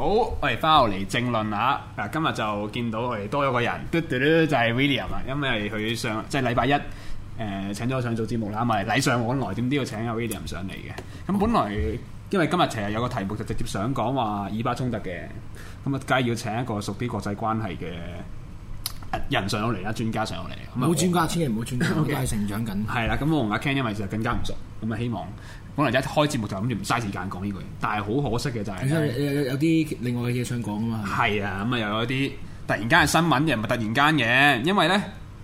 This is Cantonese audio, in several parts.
好，我哋翻落嚟政論下。啊，今日就見到佢哋多咗個人，嘟嘟嘟就係、是、William 啦。因為佢上即係禮拜一誒、呃、請咗我上做節目啦，咪禮尚往來，點都要請阿 William 上嚟嘅。咁本來、哦、因為今日其實有個題目就直接想講話以巴衝突嘅，咁啊梗係要請一個熟啲國際關係嘅人上到嚟啦，專家上到嚟。冇專家，好千祈唔好專家。我哋係成長緊。係啦，咁我同阿 Ken 因為就更加唔熟。咁啊希望，可能一開節目就諗住唔嘥時間講呢句，但係好可惜嘅就係、有、有啲另外嘅嘢想講啊嘛。係啊，咁啊又有啲突然間嘅新聞，又唔係突然間嘅，因為咧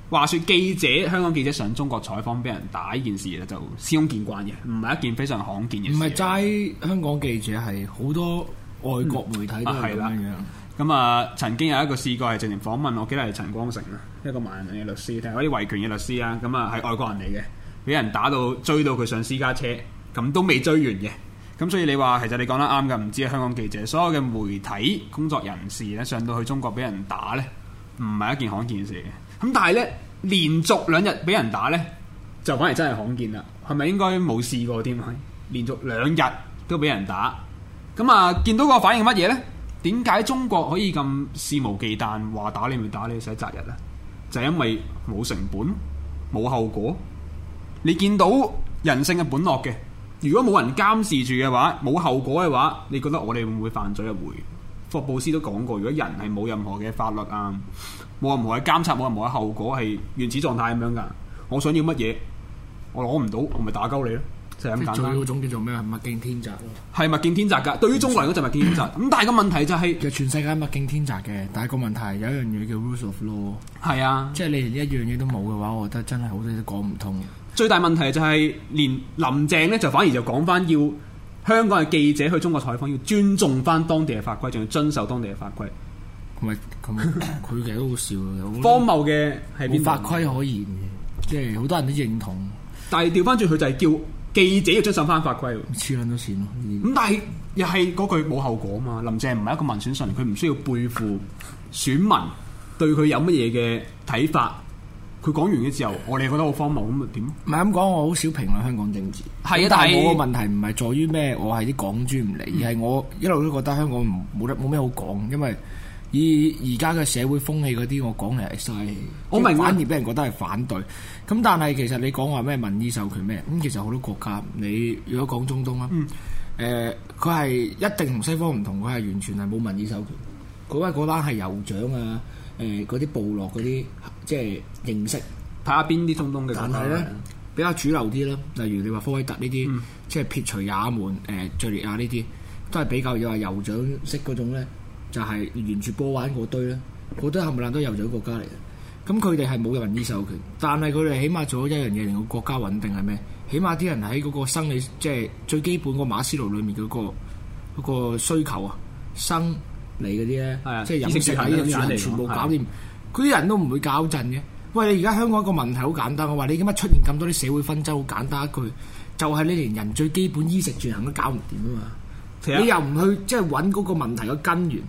話説記者香港記者上中國採訪俾人打呢件事咧就司空見慣嘅，唔係一件非常罕見嘅。唔係齋香港記者，係好多外國媒體都係咁。咁啊曾經有一個試過係直情訪問，我記得係陳光誠啊，一個盲人嘅律師，係嗰啲維權嘅律師啊，咁啊係外國人嚟嘅。俾人打到追到佢上私家車，咁都未追完嘅。咁所以你話，其實你講得啱嘅。唔知香港記者所有嘅媒體工作人士咧，上到去中國俾人打呢，唔係一件罕見嘅事。咁但係呢，連續兩日俾人打呢，就反而真係罕見啦。係咪應該冇試過添？啊？連續兩日都俾人打，咁啊，見到個反應乜嘢呢？點解中國可以咁肆無忌憚話打你咪打你，使責任啊？就係因為冇成本，冇後果。你見到人性嘅本惡嘅，如果冇人監視住嘅話，冇後果嘅話，你覺得我哋會唔會犯罪啊？會。霍布斯都講過，如果人係冇任何嘅法律啊，冇任何嘅監察，冇任何嘅後果係原始狀態咁樣噶，我想要乜嘢，我攞唔到，我咪打鳩你咯。就係嗰種叫做咩啊？物競天擇咯，係物競天擇㗎。對於中國嚟講就物競天擇咁，但係、就是、個問題就係其實全世界物競天擇嘅，但係個問題有一樣嘢叫 rules of law。係啊，即係你連一樣嘢都冇嘅話，我覺得真係好多都講唔通。最大問題就係連林鄭咧，就反而就講翻要香港嘅記者去中國採訪，要尊重翻當地嘅法規，仲要遵守當地嘅法規。唔係佢其實都好笑荒謬嘅，冇 法規可言嘅，即係好多人都認同，但係調翻轉佢就係叫。記者要遵守翻法規，黐撚多錢咯。咁但係又係嗰句冇後果啊嘛。林鄭唔係一個民選信，佢唔需要背負選民對佢有乜嘢嘅睇法。佢講完嘅時候，我哋覺得好荒謬咁咪點？唔係咁講，我好少評論香港政治。係啊的，但係我個問題唔係在於咩，我係啲港豬唔嚟，而係、嗯、我一路都覺得香港唔冇得冇咩好講，因為。以而家嘅社會風氣嗰啲，我講嚟嘥氣，欸、我咪反而俾人覺得係反對。咁但係其實你講話咩民意授權咩？咁其實好多國家，你如果講中東啦，誒、嗯，佢係、呃、一定同西方唔同，佢係完全係冇民意授權。嗰班係酋長啊，誒、呃，嗰啲部落嗰啲即係認識。睇下邊啲中東嘅，但係咧、嗯、比較主流啲啦。例如你話科威特呢啲，嗯、即係撇除也門、誒敘利亞呢啲，都係比較要話酋長式嗰種咧。就係完全波玩嗰堆啦，嗰堆冚唪唥都油咗國家嚟嘅，咁佢哋係冇人民依授權，但係佢哋起碼做咗一樣嘢，令個國家穩定係咩？起碼啲人喺嗰個生理，即係最基本個馬斯洛裏面嗰、嗰個、嗰個需求啊，生理嗰啲咧，的即係衣食行住行全部搞掂，佢啲人都唔會搞震嘅。喂，你而家香港個問題好簡單，我話你點解出現咁多啲社會紛爭？好簡單一句，就係、係、你連人最基本衣食住行都搞唔掂啊嘛！實你又唔去即係搵嗰個問題個根源。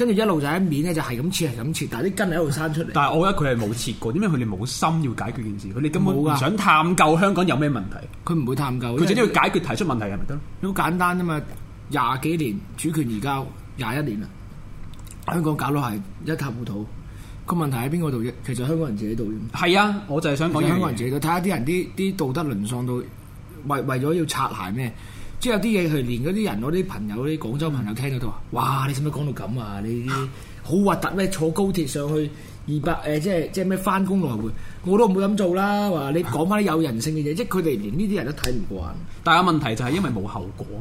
跟住一路就喺面咧，就係咁切，係咁切，但係啲根係一路生出嚟。但係我覺得佢係冇切過，點解佢哋冇心要解決件事？佢哋 根本唔想探究香港有咩問題，佢唔、啊、會探究。佢就只要解決提出問題係咪得？好為簡單啫嘛！廿幾年主權移交廿一年啦，香港搞到係一塌糊塗。個問題喺邊個度啫？其實、啊、其實香港人自己度。係啊的，我就係想講香港人自己度，睇下啲人啲啲道德淪喪到，為為咗要擦鞋咩？即係有啲嘢，佢連嗰啲人，我啲朋友啲廣州朋友聽到都話：哇！你使唔使講到咁啊？你好核突咩？坐高鐵上去二百誒，即係即係咩返工來回，我都唔會咁做啦。話你講返啲有人性嘅嘢， 即係佢哋連呢啲人都睇唔慣。但係問題就係因為冇後果啊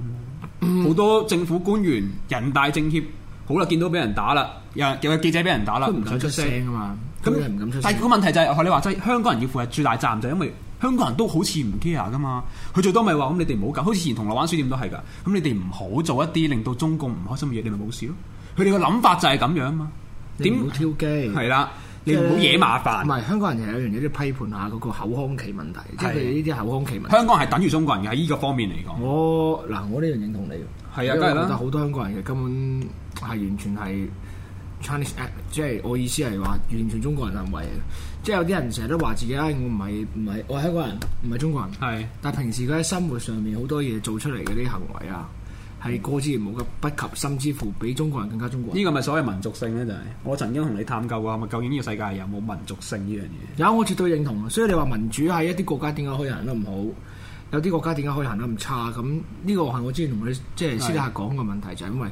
嘛，好 多政府官員、人大政協，好啦，見到俾人打啦，又有記者俾人打啦，都唔想出聲啊嘛，咁唔敢出聲。但係個問題就係、是，學你話齋，香港人要負係最大責任，就係、因為。香港人都好似唔 care 噶嘛，佢最多咪話咁你哋唔好搞，好似以前銅鑼灣書店都係噶，咁你哋唔好做一啲令到中共唔開心嘅嘢，你咪冇事咯。佢哋嘅諗法就係咁樣嘛。點？唔好挑機，係啦，你唔好惹麻煩。唔係、呃、香港人一，係有樣嘢都批判下嗰個口腔期問題，即係呢啲口腔期問題。香港係等於中國人嘅喺呢個方面嚟講。我嗱，我呢樣認同你。係啊的，因為我覺得好多香港人嘅根本係完全係。Chinese act，即係我意思係話完全中國人行為，即係有啲人成日都話自己咧，我唔係唔係我係香港人，唔係中國人。係是，但平時佢喺生活上面好多嘢做出嚟嘅啲行為啊，係過之而冇嘅不及，甚至乎比中國人更加中國人。呢個咪所謂民族性咧，就係。我曾經同你探究過，係咪究竟呢個世界有冇民族性呢樣嘢？有，我絕對認同。所以你話民主喺一啲國家點解可以行得唔好？有啲國家點解可以行得咁差？咁呢個係我之前同你即係、就是、私底下講嘅問題，就係因為誒、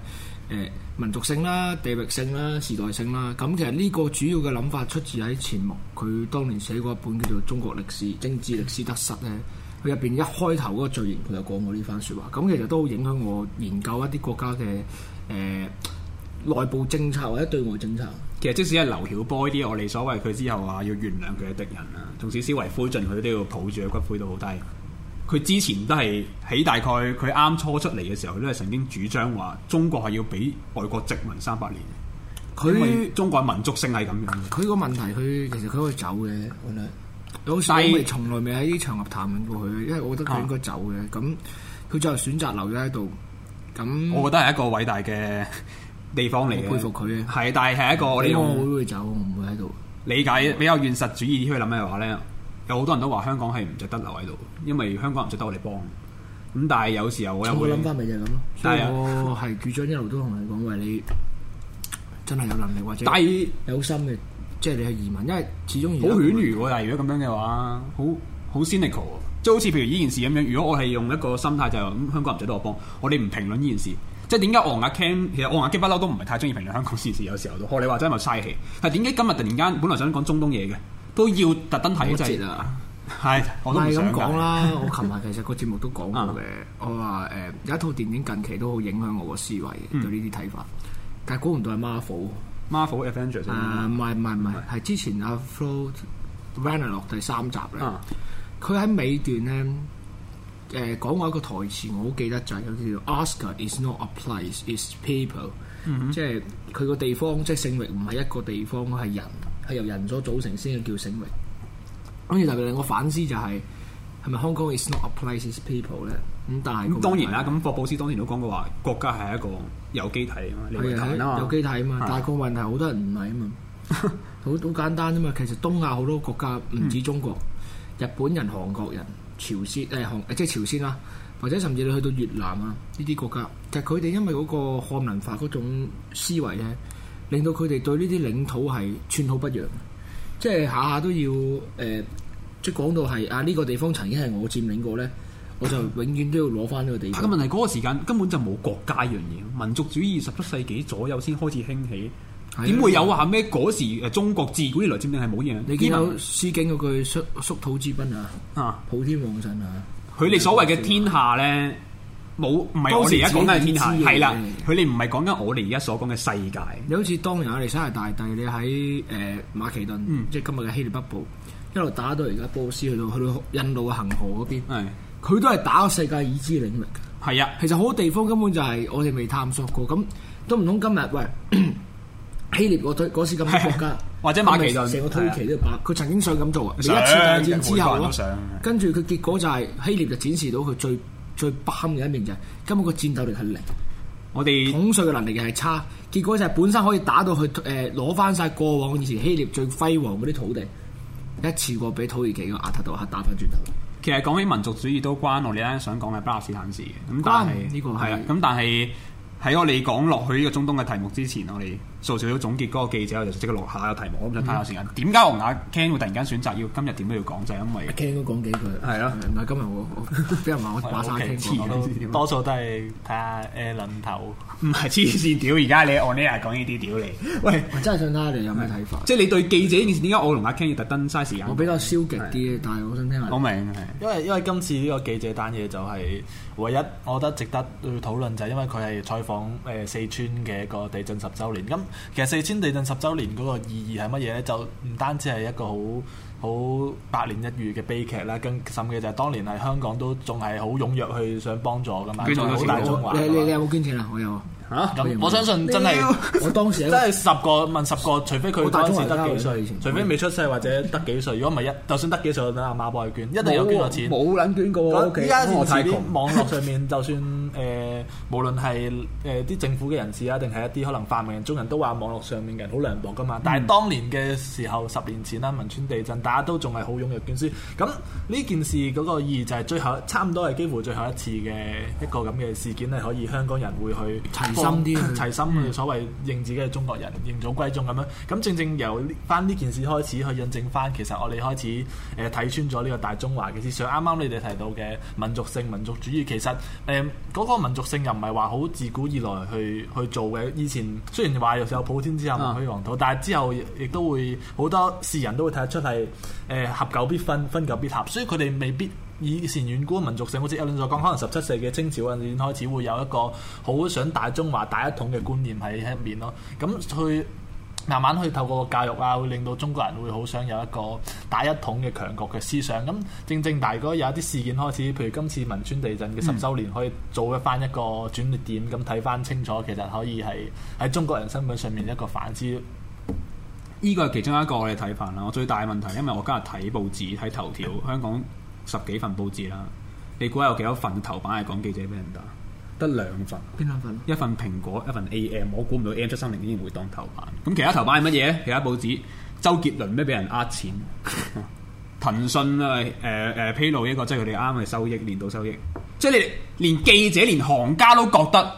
呃、民族性啦、地域性啦、時代性啦。咁、嗯、其實呢個主要嘅諗法出自喺錢穆，佢當年寫過一本叫做《中國歷史政治歷史得失》咧。佢入邊一開頭嗰個序言佢就講過呢番説話。咁、嗯、其實都好影響我研究一啲國家嘅誒、呃、內部政策或者對外政策。其實即使係劉曉波啲，我哋所謂佢之後話要原諒佢嘅敵人啦，從此斯維夫盡佢都要抱住個骨灰都好低。佢之前都係喺大概佢啱初出嚟嘅時候，都係曾經主張話中國係要俾外國殖民三百年。佢他中國民族性係咁樣。佢個、嗯、問題，佢其實佢可以走嘅，我覺得。但我未從來未喺呢場合談論過佢，因為我覺得佢應該走嘅。咁佢就選擇留咗喺度。咁我覺得係一個偉大嘅地方嚟嘅。我佩服佢啊！係，但係係一個、嗯、我哋會唔會走？唔會喺度。理解比較現實主義啲去諗嘅話咧。有好多人都話香港係唔值得留喺度，因為香港唔值得我哋幫。咁但係有時候我又會，我諗翻咪就係咁咯。我係主張一路都同你講話，你真係有能力或者，但係有心嘅，是即係你去移民，因為始終好犬儒喎。但係如果咁樣嘅話，cynical，好好 cynical，即係好似譬如呢件事咁樣。如果我係用一個心態就係咁，香港唔值得我幫，我哋唔評論呢件事。即係點解我同阿 Ken？其實我同阿 Ken 不嬲都唔係太中意評論香港事事。有時候都，你話真係咪嘥氣？但係點解今日突然間本來想講中東嘢嘅？都要特登睇節啊！係，我都係咁講啦。我琴日其實個節目都講過嘅，我話誒有一套電影近期都好影響我個思維嘅對呢啲睇法。但係估唔到係 Marvel，Marvel Avengers 啊，唔係唔係唔係，係之前阿 Flo Ragnarok 第三集咧，佢喺尾段咧，誒講過一個台詞，我好記得就係叫做 Asgard is not a place, it's people。即係佢個地方即係聖域唔係一個地方，係人。係由人所組成先嘅叫醒命。好然，特別我反思就係、是、係咪 Hong Kong is not a place, is people 咧？咁但係咁、嗯、當然啦。咁霍布斯當年都講過話，國家係一個有機體啊嘛。係的有機體啊嘛。但係個問題好多人唔係啊嘛。好好 簡單啫嘛。其實東亞好多國家唔止中國，嗯、日本人、韓國人、朝鮮誒韓、呃、即係朝鮮啦，或者甚至你去到越南啊呢啲國家，其實佢哋因為嗰個漢文化嗰種思維咧。令到佢哋對呢啲領土係寸土不讓，即係下下都要誒、呃，即係講到係啊呢、這個地方曾經係我佔領過咧，我就永遠都要攞翻呢個地方。個、嗯、問題嗰、那個時間根本就冇國家一樣嘢，民族主義十七世紀左右先開始興起，點、啊、會有啊咩，嗰時中國自古以來佔領係冇嘢。你見到詩經嗰句率率土之濱啊，啊普天王臣啊，佢哋所謂嘅天下咧。冇，唔係我哋而家講緊天下，係啦，佢哋唔係講緊我哋而家所講嘅世界。你好似當年亞歷山大大帝，你喺誒馬其頓，即係今日嘅希臘北部，一路打到而家波斯去到去到印度嘅恒河嗰邊，佢都係打個世界已知領域。係啊，其實好多地方根本就係我哋未探索過。咁都唔通今日喂希臘嗰對嗰時咁多國家，或者馬其頓，成個土耳其都打，佢曾經想咁做啊！第一次大戰之後，跟住佢結果就係希臘就展示到佢最。最不堪嘅一面就係、是，根本個戰鬥力係零，我哋們 統帥嘅能力又係差，結果就係本身可以打到去誒攞翻晒過往以前希臘最輝煌嗰啲土地，一次過俾土耳其個阿塔杜克打翻轉頭。其實講起民族主義都關我哋啱想講嘅巴勒斯坦事嘅，咁但係呢個係啦，咁但係喺我哋講落去呢個中東嘅題目之前，我哋。做少少總結嗰個記者，我就即刻錄下個題目。我唔想睇下時間。點解我同阿 Ken 會突然間選擇要今日點都要講？就係因為 Ken 都講幾句。係啊，唔係今日我比較慢，我話曬聽。黐線，多數都係睇下誒輪頭。唔係黐線屌！而家你我呢日講呢啲屌你。喂，我真係想睇下你有咩睇法。即係你對記者件事點解我同阿 Ken 要特登嘥時間？我比較消極啲，但係我想聽下。講明係。因為因為今次呢個記者單嘢就係唯一，我覺得值得去討論就係因為佢係採訪誒四川嘅一個地震十週年咁。其實四川地震十周年嗰個意義係乜嘢咧？就唔單止係一個好好百年一遇嘅悲劇啦，更甚嘅就係當年係香港都仲係好踊躍去想幫助噶嘛，捐咗好多。你你你有冇捐錢啊？我有吓、啊嗯嗯？我相信真係，我當時真係十個問十個，除非佢當時得幾歲，以前除非未出世或者得幾歲。如果唔係一，就算得幾歲，等阿媽幫佢捐，一定有捐過錢。冇捻捐過依家、okay, 網絡上面 就算。誒、呃，無論係誒啲政府嘅人士啊，定係一啲可能泛民人中人都話網絡上面嘅人好涼薄㗎嘛。但係當年嘅時候，嗯、十年前啦，汶川地震，大家都仲係好踴躍捐輸。咁呢件事嗰個意義就係最後差唔多係幾乎最後一次嘅一個咁嘅事件，係可以香港人會去心齊心啲，嗯、齊心去所謂認自己係中國人，嗯、認祖歸宗咁樣。咁正正由翻呢件事開始去印證翻，其實我哋開始誒睇、呃、穿咗呢個大中華嘅思想。啱啱你哋提到嘅民族性、民族主義，其實誒。嗯嗯嗯嗯嗰個民族性又唔係話好自古以來去去做嘅，以前雖然話有時候普天之下莫非王土，嗯、但係之後亦都會好多士人都會睇得出係誒合久必分，分久必合，所以佢哋未必以前遠古民族性，好似 Allen 所講，可能十七世紀嘅清朝嗰陣開始會有一個好想大中華大一統嘅觀念喺喺入面咯，咁去。慢慢去透過個教育啊，會令到中國人會好想有一個打一統嘅強國嘅思想。咁正正，大，如果有一啲事件開始，譬如今次汶川地震嘅十週年，嗯、可以做一翻一個轉捩點，咁睇翻清楚，其實可以係喺中國人身份上面一個反思。呢個係其中一個我哋睇法啦。我最大問題，因為我今日睇報紙睇頭條，香港十幾份報紙啦，你估有幾多份頭版係講記者俾人打？得兩份，邊兩份？一份蘋果，一份 A.M。我估唔到 A.M. 七三零依然會當頭版。咁其他頭版係乜嘢？其他報紙，周杰倫咩俾人呃錢？ 騰訊啊，誒誒披露一個，即係佢哋啱嘅收益，年度收益。即係你連記者、連行家都覺得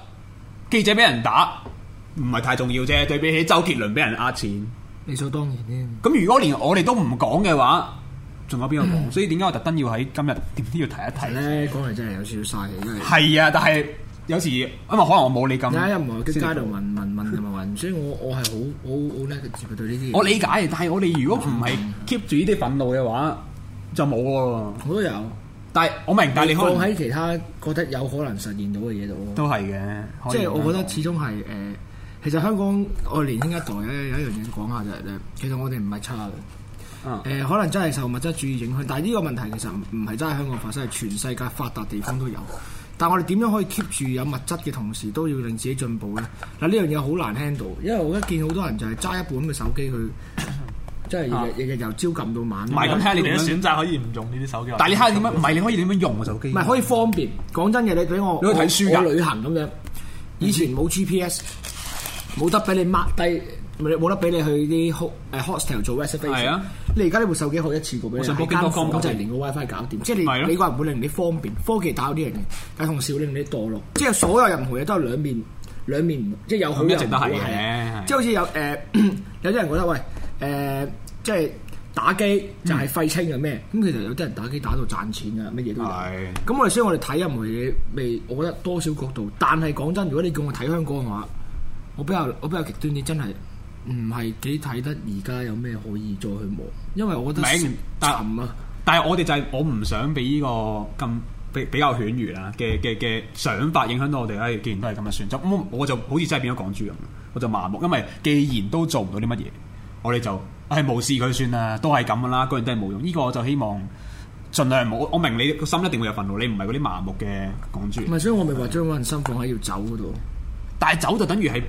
記者俾人打，唔係太重要啫。對比起周杰倫俾人呃錢，理所當然添。咁如果連我哋都唔講嘅話，仲有邊個講？嗯、所以點解我特登要喺今日點都要提一提咧？講係真係有少少嘥氣，因為係啊， 但係。有時，因為可能我冇你咁，而家又喺街度問問問同埋問，所以我我係好好好叻嘅處理對呢啲嘢。我理解，但係我哋如果唔係 keep 住呢啲憤怒嘅話，就冇喎。我都有，但係我明白，你放喺其他覺得有可能實現到嘅嘢度，都係嘅。即係我覺得始終係誒，其實香港我年輕一代有一一樣嘢講下就係咧，其實我哋唔係差嘅。誒，可能真係受物質主義影響，但係呢個問題其實唔唔係真係香港發生，係全世界發達地方都有。但我哋點樣可以 keep 住有物質嘅同時，都要令自己進步咧？嗱，呢樣嘢好難聽到，因為我一見好多人就係揸一部咁嘅手機去，即係日日由朝撳到晚。唔係咁，睇下為樣你點選擇可以唔用呢啲手機？但係你睇下點樣？唔係你可以點樣用手機？唔係可以方便？講真嘅，你俾我你去睇書、去旅行咁樣，去以前冇 GPS。冇得俾你 mark 低，冇得俾你去啲 hostel 做 reservation 你而家呢部手機可以一次過俾。我上個間房就連個 WiFi 搞掂，啊、即係你美國人會令你方便。科技打嗰啲嘢，但係同時令你墮落。即係所有任何嘢都係兩面，兩面即係有好有壞。即係好似有誒，有啲人覺得喂誒，即係打機就係廢青，嘅咩、嗯？咁其實有啲人打機打到賺錢啊，乜嘢都有。咁我哋所以我哋睇任何嘢，未，我覺得多少角度。但係講真，如果你叫我睇香港嘅話，我比較我比較極端啲，真係唔係幾睇得而家有咩可以再去望，因為我覺得名啊。但係沉、啊、我哋就係、是、我唔想俾呢個咁比比較犬儒啊嘅嘅嘅想法影響到我哋。唉、哎，既然都係咁嘅選擇，就咁我，我就好似真係變咗港豬咁，我就麻木。因為既然都做唔到啲乜嘢，我哋就係、哎、無視佢算啦，都係咁噶啦，個樣都係冇用。呢、這個我就希望儘量冇。我明你個心一定會有憤怒，你唔係嗰啲麻木嘅港豬人。唔係，所以我咪話將嗰份心放喺要走嗰度，但係走就等於係。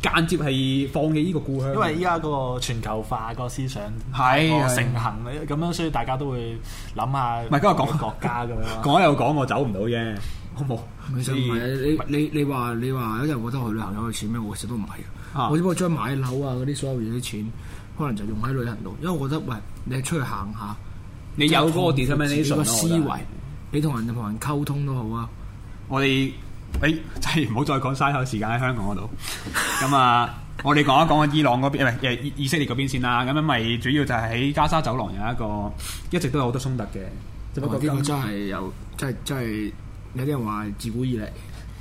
間接係放棄呢個故鄉，因為依家嗰個全球化個思想係盛行咁樣，所以大家都會諗下，唔係今日講國家嘅話，講又講我走唔到啫，好冇？好？唔係你你你話你話，因為我覺得去旅行有嘅錢咩，我其實都唔係，我只不過將買樓啊嗰啲所有嘢啲錢，可能就用喺旅行度，因為我覺得喂，你出去行下，你有嗰個 destination 個思維，你同人哋同人溝通都好啊，我哋。誒、哎，真係唔好再講，嘥咗時間喺香港嗰度。咁啊、 嗯，我哋講一講個伊朗嗰邊，唔係誒以色列嗰邊先啦。咁樣咪主要就係喺加沙走廊有一個一直都有好多衝突嘅。只不過呢個真係有，即係真係有啲人話自古以嚟。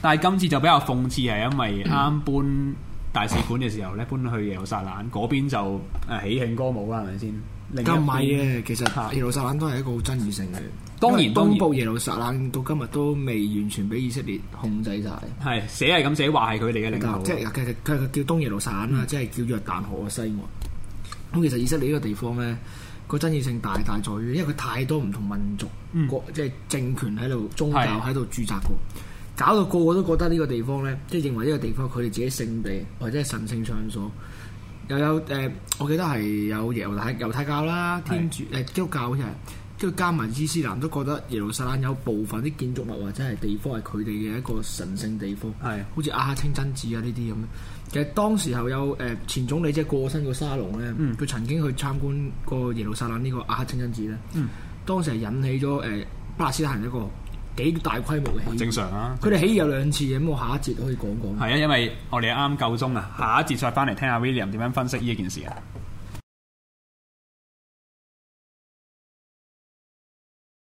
但係今次就比較諷刺，係因為啱搬大使館嘅時候咧， 搬去耶路撒冷嗰邊就誒喜慶歌舞啦，係咪先？.咁係啊，其實耶路撒冷都係一個好爭議性嘅。當然，東部耶路撒冷到今日都未完全俾以色列控制晒。係、嗯、寫係咁寫，話係佢哋嘅領土。即係佢佢叫東耶路撒冷、嗯、即係叫約旦河嘅西岸。咁其實以色列呢個地方咧，個爭議性大大在於，因為佢太多唔同民族，嗯、國即係政權喺度、宗教喺度駐紮過，搞到的個個都覺得呢個地方咧，即係認為呢個地方佢哋自己聖地或者係神聖場所。又有誒、呃，我記得係有耶路太猶太教啦、天主誒是、呃、基督教好似係，跟住加埋伊斯蘭都覺得耶路撒冷有部分啲建築物或者係地方係佢哋嘅一個神聖地方，係是好似阿克清真寺啊呢啲咁嘅。其實當時候有誒、呃、前總理即係過身個沙龍咧，佢、嗯、曾經去參觀過耶路撒冷呢個阿克清真寺咧，嗯、當時係引起咗誒、呃、巴勒斯坦一個。幾大規模嘅起，正常啊！佢哋起有兩次嘅，咁對我下一節可以講講？係啊，因為我哋啱啱夠鐘啊，下一節再翻嚟聽，聽下 William 點樣分析呢一件事啊！